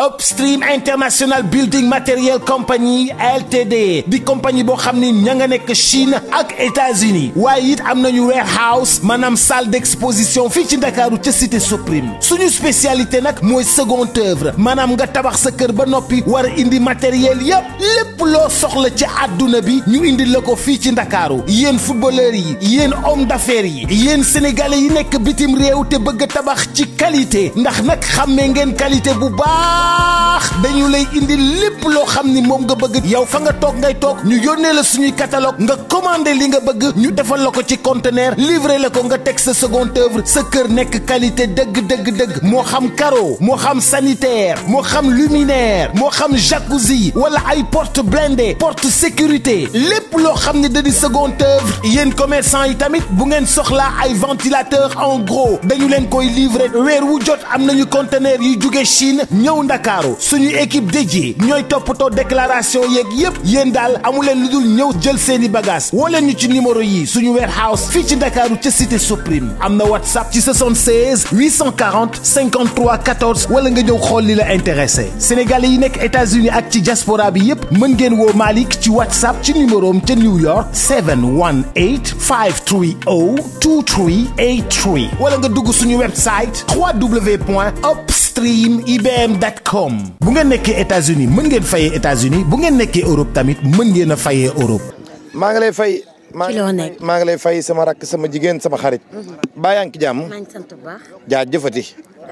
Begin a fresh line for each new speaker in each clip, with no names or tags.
Upstream International Building Material Company LTD di compagnie boo xam ni ña nga nekk Chine ak États-Unis waaye it am nañu warehouse maanaam salle d'exposition fii ci Ndakaaru ca cité Suprime suñu spécialité nag mooy seconde œuvre maanaam nga tabax sa kër ba noppi war a indi matériel yëpp lépp loo soxla ci àdduna bi ñu indi la ko fii ci Ndakaaru yéen footballeurs yi yéen homme d'affaires yi yéen sénégalais yi nekk bitim réew te bëgg tabax ci qualité ndax nag xàmmee ngeen qualité baax dañu lay indi lépp loo xam ni moom nga bëgg yow fa nga toog ngay toog ñu yónnee la suñuy catalogue nga commander li nga bëgg ñu defal la ko ci conteneur livrer la ko nga teg seconde œuvre sa kër qualité dëgg dëgg dëgg moo xam xam sanitaire moo xam luminaire moo xam jacuzzi wala ay porte blindée porte sécurité lépp loo xam second da di seconde œuvre yéen commerçant yi tamit bu ngeen soxlaa ay ventilateur en gros dañu leen koy livrer weer wu jot am nañu conteneur yu Chine ñëw ndakaaru suñu équipe dédiée ñooy toppatoo déclaration yeeg yépp yéen daal amuleen lu dul ñëw jël seeni bagage woo leen ñu ci numéro yi suñu warehouse fii ci ndakaaru ca cité Suprime am na whatsapp ci 76 840 53 14 wala nga ñëw xool li la intéressé sénégalais yi nekk états-unis ak ci diaspora bi yépp mën ngeen woo Malick ci whatsapp ci numéro am ca New York 718 530 2383 wala nga dugg suñu website www.ops streamibm.com bu ngeen nekkee États-Unis mën ngeen fayee États-Unis bu ngeen nekkee Europe tamit mën ngeen a fayee Europe.
maa ngi lay fay. ci loo maa ngi lay fay sama rakk sama jigéen sama xarit. Mhm. baa yaa ngi ci jàmm. maa ngi sant bu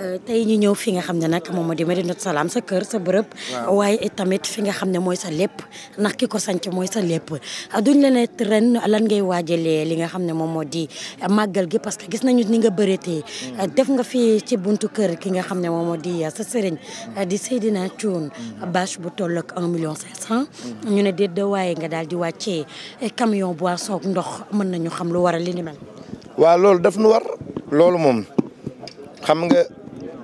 Euh, tey ñu ñëw fi nga xam ne nag moom moo di Medinatoul Salam sa kër sa bërëb. waaye tamit fi nga xam ne mooy sa lépp ndax ki ko sanc mooy sa lépp ah, duñ la ne ren lan ngay waajalee li nga xam ne moom moo di màggal gi parce que gis nañu ni nga bëreetee. Hmm. Ah, def nga fi ci buntu kër ki nga xam ne moom moo di ah, sa sëriñ hmm. di Seydina Thioune hmm. bâche bu toll ak un million ñu ne déet de waaye nga daal di wàccee camion boisson ak ndox mën nañu xam lu waral li ni mel.
waaw loolu daf nu war loolu moom xam nga.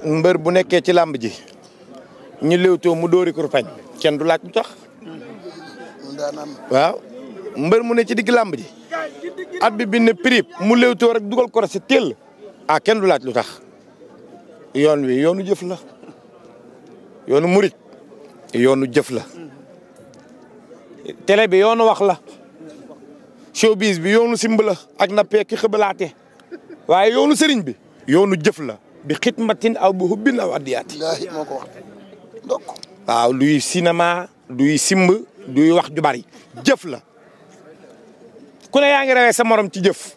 mbër bu nekkee ci làmb ji ñu léwtoo mu dóori kurpañ kenn du laaj lu tax waaw mbër mu ne ci digg làmb ji at bi bi ne mu léwtoo rek dugal ko si téll ah kenn du laaj lu tax yoon wi yoonu jëf la yoonu murit yoonu jëf la télé bi yoonu wax la showbiz bi yoonu simb la ak nappee ki xëbalaate waaye yoonu sëriñ bi yoonu jëf la bi xidmatin aw bu hubbin aw addiyaati moo ko wax donc waaw luy cinéma duy simb duy wax ju bari jëf la ku ne yaa ngi sa morom ci jëf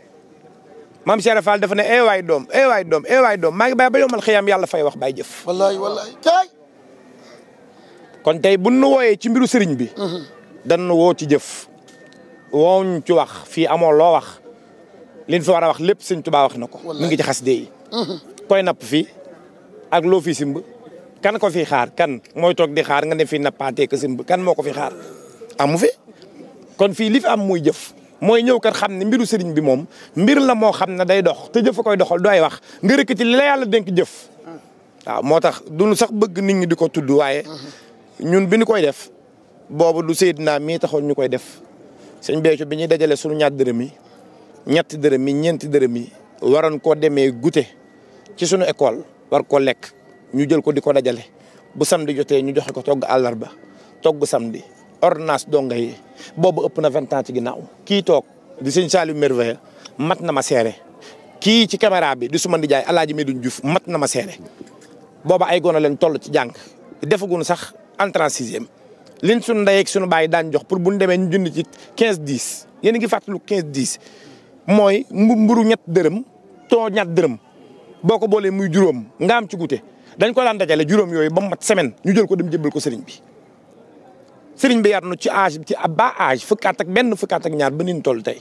maam Cheikh Fall dafa ne eh waay doom eh waay doom eh waay doom maa ngi bàyyi ba yomal xiyam yàlla fay wax bay jëf. wallaay kon tey bu nu wooyee ci mbiru sëriñ bi. Mhm. dañu woo ci jëf. wooñ ci wax fii amoo loo wax liñ fi war a wax lépp sëñ Tuubaa wax na ko. mu ngi ci xas dee koy napp fii ak loo fi simb kan ko fi xaar kan mooy toog di xaar nga ne fii nappaatee ko simb kan moo ko fi xaar amu fi kon fii li fi am muy jëf mooy ñëw kat xam ne mbiru sëriñ bi moom mbir la moo xam ne day dox te jëf a koy doxal dooy wax nga rëkkati li la yàlla dénk jëf waaw moo tax duñu sax bëgg nit ñi di ko tudd waaye ñun bi ñu koy def boobu du Seydina mii taxoon ñu koy def sëñ Béthio bi ñuy dajale sunu ñaar dërëm yi ñetti dërëm yi ñeenti dërëm yi waroon koo demee goûter ci sunu école war ko lekk ñu jël ko di ko dajale bu samedi jotee ñu joxe ko togg àllarba togg samedi ordonnance donga yi boobu ëpp na vingt ans ci ginnaaw. kii toog di sëñ Saliou Merveille mat na ma seere kii ci caméra bi di suma nijaay Alaaji Medoune Diouf mat na ma seere booba ay gone leen toll ci jàng defaguñu sax entrée en sixième liñ sunu ndey ak sunu baay daan jox pour bu ñu demee ñu jënd ci quinze dix yéen a ngi fàttaliku quinze dix mooy mburu ñett dërëm too ñett dërëm. boo ko boolee muy juróom nga am ci gute dañ ko daan dajale juróom yooyu ba mu mat semaine ñu jël ko dem jëbbal ko sëriñ bi. sëriñ bi yar na ci âge ci ba âge fukki ak benn fukki ñaar ba ni toll tey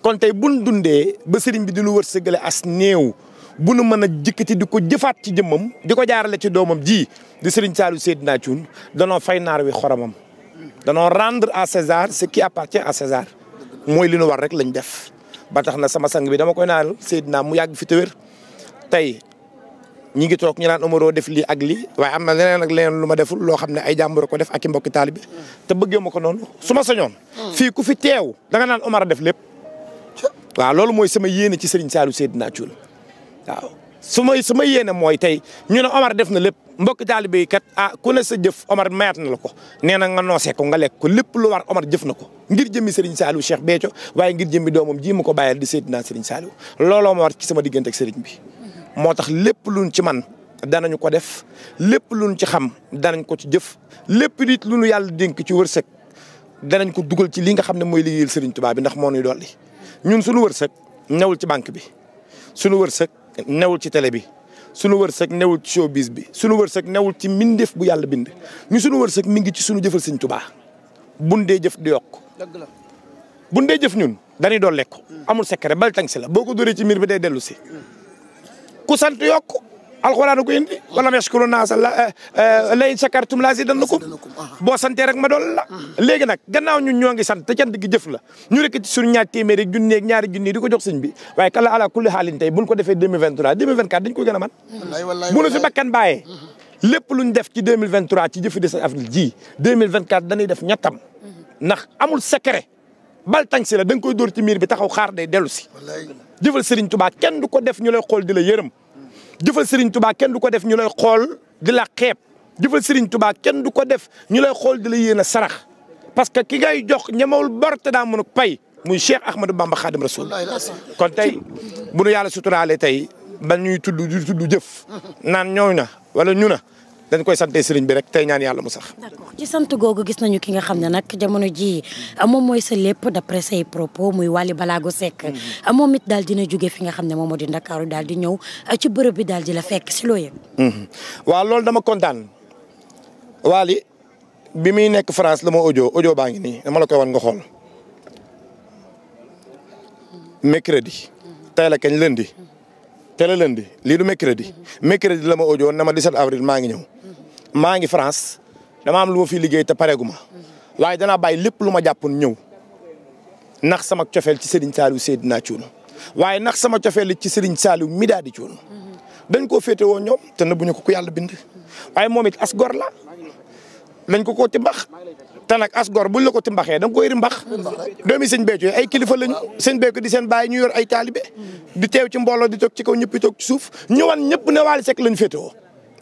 kon tey buñ dundee ba sëriñ bi di lu wërsëgale as néew bu nu mën a jëkkati di ko jëfaat ci jëmmam di ko jaarale ci doomam ji di sëriñ Saliou Seydina Thioune danoo fay naar wi xoromam. danoo rendre à César ce qui appartient à mooy li nu war rek lañ def ba tax na sama sang bi dama koy naal Seydina mu yàgg fi tey ñi ngi toog ñu naan Omaro def lii ak lii waaye am na leneen ak leneen lu ma deful loo xam ne ay jàmbur ko def ak i mbokki taalibe te bëggee ma ko noonu su ma sañoon. Hmm. fii ku fi teew danga naan Omar a def lépp. waaw loolu mooy sama yéene ci Serigne Saliou Seydina Thioune waaw su may sama yéene mooy tey ñu ne Omar def na lépp mbokki taalibe yi kat ah ku ne sa jëf Omar mayat na la ko nee na nga noosee ko nga lekk ko lépp lu war Omar jëf na ko ngir jëmmi Serigne Saliou Cheikh Béthio waaye ngir jëmmi doomam ji ma ko bàyyal di Seydina Serigne Saliou looloo ma war ci sama diggante ak bi moo tax lépp luñ ci man danañu ko def lépp luñ ci xam danañ ko ci jëf lépp nit lu yàlla dénk ci wërsëg danañ ko dugal ci li nga xam ne mooy liggéeyal Serigne Touba bi ndax moo nuy dolli ñun suñu wërsëg newul ci banque bi suñu wërsëg newul ci tele bi suñu wërsëg newul ci showbiz bi sunu wërsëg newul ci mbindeef bu yàlla bind ñu sunu wërsëg mi ngi ci suñu jëfal Serigne tubaa bun dee jëf di yokk bun dee jëf ñun dañuy dool lekk mm. amul secret bal tang si la boo ko dóoree ci miir bi day dellu si mm. ku sant yokk alxuraan ko indi wala yashkuru naasa la eh, eh, la in shakartum la zidannakum boo santee rek ma dool la mhm. léegi nag gannaaw ñun ñoo ngi sant te cant gi jëf la ñu rekk ci suñu ñaar téeméeri junni ak ñaari junni di ko jox sëñ bi waaye kala ala kulli xaalin tey buñ ko defee 2023 2024 dañ ko gën a man bu nu fi bakkan bàyyee mhm. lépp luñ def ci 2023 ci jëfi de sa avril ji 2024 dañuy def ñettam
mhm.
nax amul secret bal tañ si da nga koy dóor ci miir bi taxaw xaar day dellu si jëfal Serigne Touba kenn du ko def ñu lay xool di la yërëm jëfal Serigne Touba kenn du ko def ñu lay xool di la xeeb jëfal Serigne Touba kenn du ko def ñu lay xool di la yéen a sarax parce que ki ngay jox ñemewul bor te daa mën a pay muy Cheikh Ahmadou Bamba Khadim Rasoul kon tey bu nu yàlla suturaale tey ba ñuy tudd di tudd jëf naan ñooñu na wala ñu na dañ koy sante sëriñ bi rek tey ñaan yàlla mu sax.
d'accord ci sant googu gis nañu ki nga xam ne nag jamono jii ah, moom mooy sa lépp d'après say propos muy balaa Ballago Seck. Mm-hmm. amoon ah, it daal dina jóge fi nga xam ne moom moo di Ndakaaru daal di ñëw ah, ci bërëb bi daal di la fekk si loo yëg.
Mm-hmm. waaw loolu dama kontaan Wally bi muy nekk France la ma ojo ojo baa ngi nii dama la koy wan nga xool mercredi. Mm-hmm. tey la kañ lundi. te la lundi lii du mercredi mercredi la ma ojoon na ma 17 avril maa ngi ñëw maa ngi France dama am lu ma fi liggéey te pareegu ma waaye danaa bàyyi lépp lu ma jàppoon ñëw ndax sama cofeel ci Serigne Saliou Seydina Thioune waaye ndax sama cofeel ci Serigne Saliou Midadi Thioune dañ ko féete woo ñoom te na nëbbuñu ko ku yàlla bind waaye moom it as gor la lañ ko koo ci te nag as gor buñ la ko timbaxee da nga koy rimbax doomi sëñ Béthio ay kilifa lañu sëñ Béthio di seen bàyyi ñu yor ay taalibe di teew ci mbooloo di toog ci kaw ñëpp di toog ci suuf ñëwan ñëpp ne Wally Seck lañ féetewoo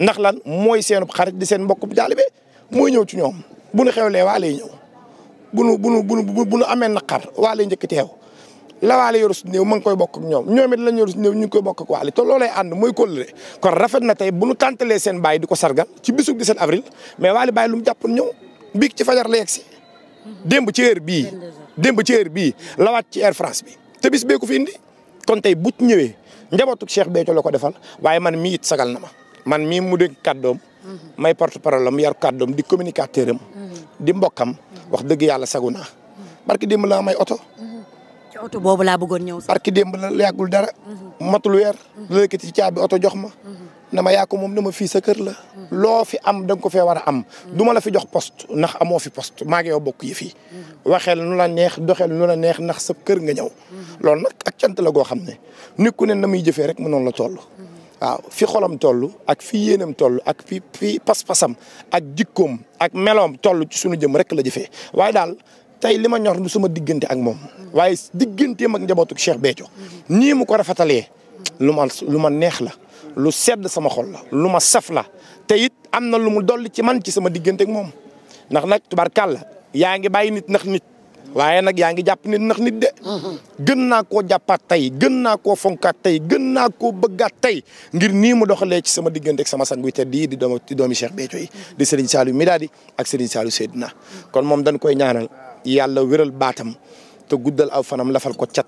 ndax lan mooy seen xarit di seen mbokk taalibe mooy ñëw ci ñoom bu nu xewlee Wally yi ñëw bu nu bu bu bu nu amee naqar Wally njëkk teew la Wally yor su néew ma ngi koy bokk ak ñoom ñoom it lañ yor su néew ñu ngi koy bokk ak Wally te loolee ànd mooy kóllëre kon rafet na tey bu nu tàntalee seen baay di ko sargal ci bisub seen avril mais Wally bàyyi lu jàpp jàppoon ñëw mbig ci fajar la yegg si ci heure bii démb ci heure bii lawaat ci Air France bi te bis bee ko fi indi kon tey bu ñëwee njabootu Cheikh Béthio la ko defal waaye man mii it sagal na ma man mii mu dégg kàddoom may porte parole am yar di communicateur am di mbokkam wax dëgg yàlla sagu naa barki demb laa may oto
ci oto boobu laa bëggoon ñëw
sax barki démb la yàggul dara matul weer la yëkkati oto jox ma na ma yaa ko moom na ma fii sa kër la. loo fi am da nga ko fee war a am. duma la fi jox post ndax amoo fi poste maa ngi yow bokk yi fii. waxeel nu la neex doxeel nu la neex ndax sa kër nga ñëw. loolu nag ak cant la goo xam ne nit ku ne na muy jëfee rek mu noonu la toll. waaw fi xolam toll ak fi yéenam toll ak fi fi pas-pasam ak jikkoom ak meloom toll ci suñu jëm rek la jëfee waaye daal tey li ma ñor du sama diggante ak moom. waaye digganteem ak njabootu Cheikh Béthio. nii mu ko rafetalee. lu ma lu ma neex la. lu sedd sama xol la lu ma saf la te it am na lu mu dolli ci man ci sama diggante moom ndax nag tubarkàlla yaa ngi bàyyi nit nax nit waaye nag yaa ngi jàpp nit nax nit de gën naa koo jàppaat tey gën naa koo fonkaat tey gën naa koo bëggaat tey ngir nii mu doxalee ci sama diggante sama sang wi te di di doomi Cheikh Béthio yi di Serigne Saliou Midadi ak Serigne Saliou Seydina kon moom dañ koy ñaanal yàlla wéral baatam te guddal aw fanam lafal ko cat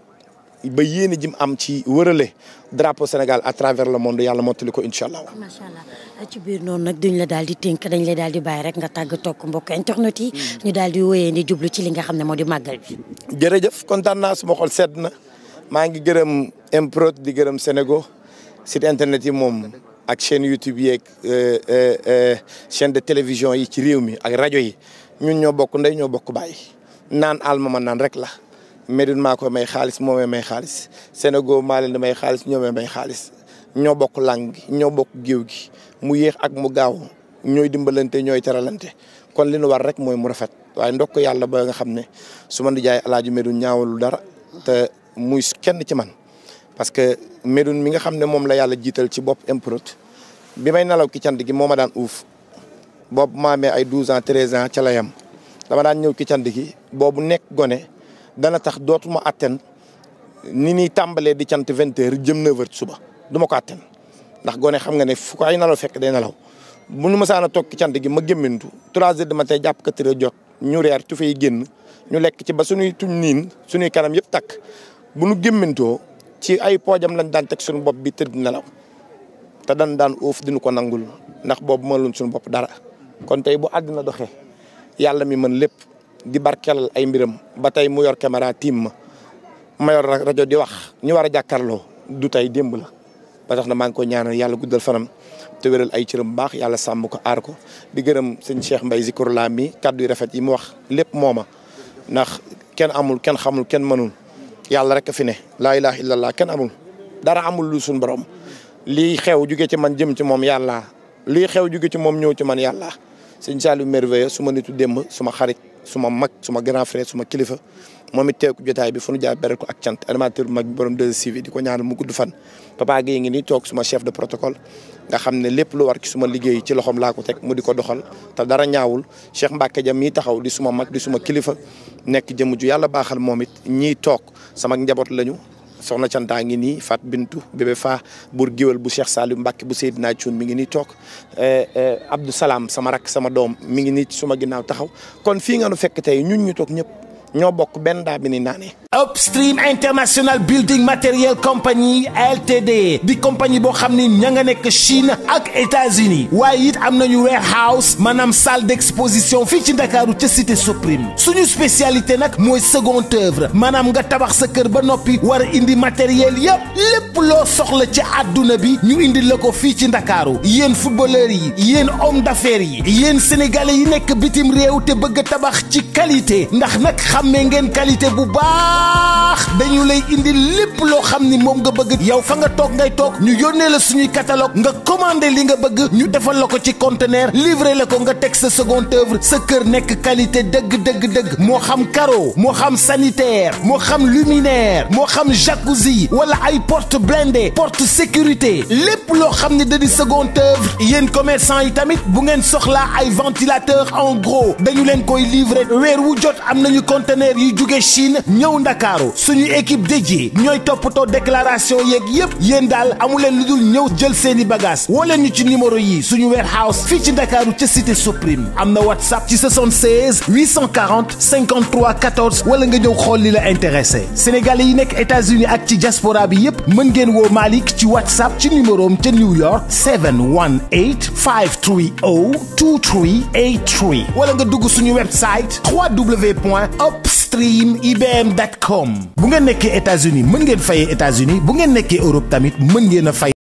ba yéene jim am ci wërale drapeau Sénégal à travers le monde yàlla mottali ko incha allah.
macha allah ci biir noonu nag duñ la daal di tënk dañ la daal di bàyyi rek nga tàgg tokk mbokk internet yi. Hmm. ñu daal di wéyee di jublu ci li nga xam ne moo di màggal bi.
jërëjëf kontaan naa suma xol sedd na maa ngi gërëm Mprod di gërëm Sénégo site internet yi moom ak chaîne YouTube yeeg euh, euh, euh, chaîne de télévision yi ci réew mi ak rajo yi ñun ñoo bokk nday ñoo bokk bàyyi naan almama naan rek la. Médoune maa koy may xaalis moomee may xaalis Sénégal maa leen di may xaalis ñoomee may xaalis ñoo bokk làng gi ñoo bokk géew gi mu yéex ak mu gaaw ñooy dimbalante ñooy teralante kon li nu war rek mooy mu rafet waaye ndokk yàlla ba nga xam ne suma ma di jaay alaaju Médoune ñaawalul dara te muy kenn ci man parce que Médoune mi nga xam ne moom la yàlla jiital ci bopp improte bi may nelaw ki cant gi moo ma daan uuf boobu ma ay 12 ans 13 ans ca la yam dama daan ñëw ki cant gi nekk gone dana tax dootuma atten ni ñuy tàmbalee di cant vingt jëm neuf heures suba du ko atten ndax gone xam nga ne fu ko ay nalaw fekk day nalaw bu ñu mësaan a toog ci cant gi ma gémmintu trois heures du matin jàpp ka heures jot ñu reer tu fay génn ñu lekk ci ba suñuy tuñ niin suñuy kanam yëpp takk bu nu gémmintoo ci ay poojam lañ daan teg suñu bopp bi tëdd nalaw te dañ daan uuf diñu ko nangul ndax boobu mënul suñu bopp dara kon tey bu àddina doxe yàlla mi mën lépp di barkel ay mbiram ba tay mu yor caméra tim mayor radio di wax ñu wara jakarlo du tay demb la ba tax na maa ngi ko ñaanal yalla guddal fanam te wëral ay ciirum baax yalla sam ko ar ko di gërëm seigne Cheikh mbay Zikrullah mi kaddu rafet yi mu wax lepp moma ken amul ken xamul ken manul, yalla rek fi ne la ilaha illallah ken amul dara amul lu sun borom lii xew juge ci man jëm ci mom yalla lii xew juge ci mom ñew ci man yalla, seigne salu merveilleux suma nitu suma xarit suma mag suma grand frère suma kilifa moom it teeku jotaay bi fu nu jaar beral ko ak cant animateur bu mag bi borom 2STV di ko ñaanal mu gudd fan. papa gi ngi nii toog suma chef de protocole nga xam ne lépp lu war ki suma liggéey ci loxoom laa ko teg mu di ko doxal te dara ñaawul Cheikh Mbacke Jam mii taxaw di suma mag di suma kilifa nekk jëmm ju yàlla baaxal moom it ñii toog sama njaboot lañu. soxna cantaa ngi nii Fat Bintu bébé Fa buur géwél bu Cheikh Saliou Mbacke bu Seydina Thioune mi ngi nii toog eh, eh, Abdou Salaam sama rakk sama doom mi ngi nii suma ginnaaw taxaw kon fii nga nu fekk tey ñun ñu toog ñëpp ñoo bokk benn daa bi ni naanee
Upstream International Building Material Company LTD di compagnie boo xam ni ña nga nekk Chine ak États-Unis waaye it am nañu warehouse maanaam salle d'exposition fii ci Ndakaaru ca cité Suprême suñu spécialité nag mooy seconde œuvre maanaam nga tabax sa kër ba noppi war indi matériel yépp lépp loo soxla ci àdduna bi ñu indi la ko fii ci Ndakaaru yéen footballeurs yi yéen homme d'affaires yi yéen sénégalais yi nekk bitim réew te bëgg tabax ci qualité ndax Mengen qualité bu baax dañu lay indi lepp lo xamni ni nga bëgg yow fa nga tok ngay tok ñu la suñuy catalogue nga commander li nga bëgg ñu défal la ci conteneur Livrer la ko nga texte seconde œuvre sa qualité deug deug deug mo xam xam sanitaire moham xam luminaire moham xam jacuzzi wala ay porte blindée porte sécurité lepp lo xamni ni di seconde œuvre Yen commerçant yi tamit bu ngeen soxla ay ventilateur en gros dañu leen koy livré wër wu jot am nañu partenaires yu Shin, Chine ñëw Dakaro, suñu équipe dédiée ñoy topoto déclaration yeeg yépp yeen dal amulé luddul dul jël seeni bagage woo ci numéro yi suñu warehouse ci Dakaro ci cité Supreme amna WhatsApp ci 76 840 53 14 wala nga ñëw xol li la intéressé sénégalais yi nek États-Unis ak ci diaspora bi yépp mën ngeen ci WhatsApp ci numéro am New York 718 530 2383 wala nga dugg suñu website www. extremeibm.com bu ngeen nekkee États-Unis mën ngeen fayee états bu ngeen nekkee Europe tamit mën ngeen a fay